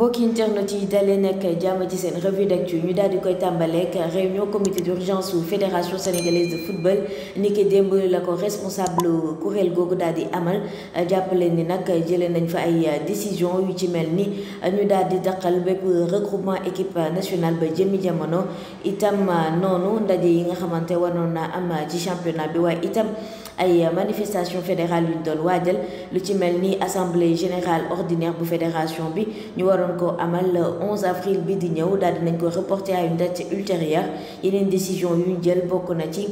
mbokki internet yi dalee nag jàmm ci revue d'actu ñu dal di koy ak réunion comité d'urgence ou fédération sénégalaise de football niki ki la ko responsable kuréel gogu dal di amal jàppale ni nak jëlé nañ fa ay décision yu ci melni ñu dal di regroupement équipe nationale ba jëmi jamono itam nonu ndaje yi nga xamanté am ci championnat bi itam ay manifestation fédérale yuñ doon waajal lu ci assemblée générale ordinaire bu fédération bi ñu ko amal le 11 avril bi di ñëw daal dinañ ko reporter à une date ultérieure Il décision yu ñu jël bokk na ci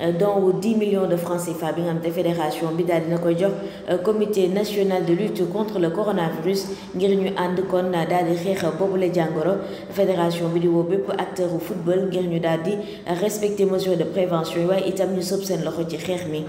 euh, dont 10 millions de francs CFA bi nga xam fédération bi daal dina koy jox euh, comité national de lutte contre le coronavirus ngir ñu and kon dal di bobu le jangoro fédération bi di wo bépp acteur football ngir ñu dal di respecter mesures de prévention way itam ñu sëb loxo ci xeex mi.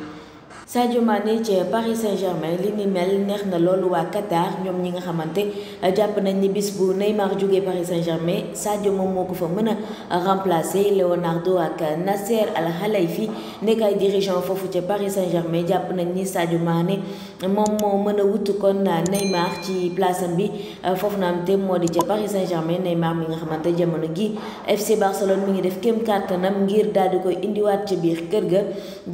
Sadio Mané ci Paris Saint-Germain li ni mel neex na loolu waa Qatar ñoom ñi nga xamante euh, jàpp nañ ni bis bu Neymar jógee Paris Saint-Germain Sadio moom moo ko fa mën a remplacer Leonardo ak Nasser Al Khelaifi nekk ay dirigeant foofu ca Paris Saint-Germain jàpp nañ ni Sadio moom moo mën a wutu kon Neymar ci place bi euh, foofu na am te moo di ca Paris Saint-Germain Neymar mi nga xamante jamono gi FC Barcelone mi ngi def kéem kàttanam ngir daal di koy indiwaat ca biir kër ga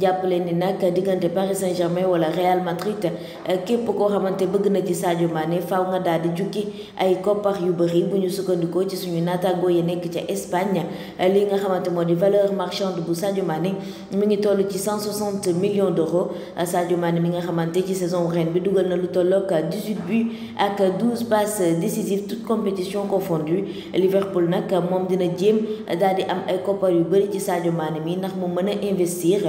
jàpp leen ni nag diggante Paris Saint-Germain wala Real Madrid eh, képp koo ramener bëgg na ci Sadio Mané faaw nga daal di ay copar yu bëri bu ñu sukkandikoo ci suñu natago ye nek ci Espagne eh, li nga xamanté modi valeur marchande bu Sadio Mané mi ngi tollu ci 160 millions d'euros eh, Sadio Mané mi nga xamanté ci saison reine bi dugal na lu tollok 18 buts ak 12 passes décisives toutes compétitions confondues Liverpool nak mom dina jéem daal am ay copar yu bëri ci Sadio Mané mi nak mo mën investir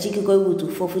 ci ki koy wutu fofu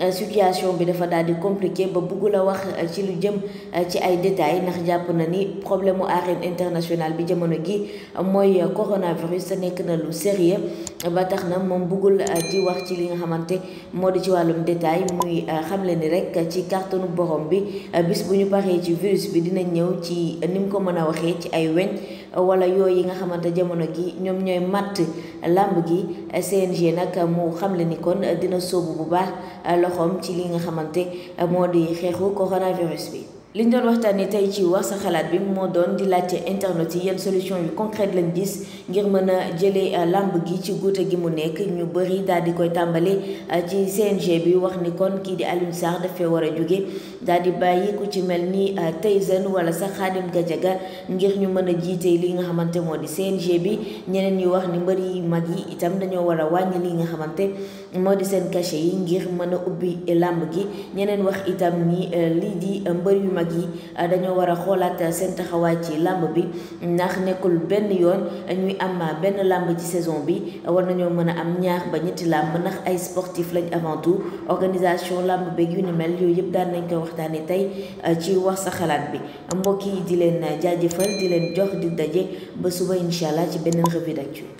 Euh, situation bi dafa daal di compliqué ba bëggul a wax euh, ci lu jëm euh, ci ay détails ndax jàpp na ni problème mu arène internationale bi jamono gi mooy coronavirus sa nekk na lu sérieux ba tax na moom bëggul di wax ci li nga xamante moo di ci wàllum détail muy xamle ni rek ci cartonu borom bi bis bu ñu paree ci virus bi dina ñëw ci ni mu ko mën a waxee ci ay weñ wala yooyu yi nga xamante jamono gi ñoom ñooy matt làmb gi CNG nag mu xamle ni kon dina sóobu bu baax loxoom ci li nga xamante moo di xeexu coronavirus bi. liñ doon ni tey ci wax sa xalaat bi moo doon di laajte internet yi yenn solution yu concrète lañ gis ngir mën a jëlee euh, làmb gi ci guute gi mu nekk ñu bëri daal di koy tàmbale euh, ci CNG bi wax ni kon kii di Alioune Sarr dafee war a jóge daal di bàyyi ku ci mel ni euh, Tyson wala sax Khadim Gadiaga ngir ñu mën a jiite li nga xamante moo di CNG bi ñeneen ñu wax ni mbër yi mag yi itam dañoo war a wàññi li nga xamante moo di seen cachet yi ngir mën a ubbi làmb gi ñeneen wax itam ni lii mag ah, dañu wara war ah, bi ndax nekul ben yoon ñuy am ah, ci saison bi war am ñaar sportif lañ avant tout organisation lamb be yu ni mel yoyep nañ ci wax sa xalaat bi di di ba suba inshallah ci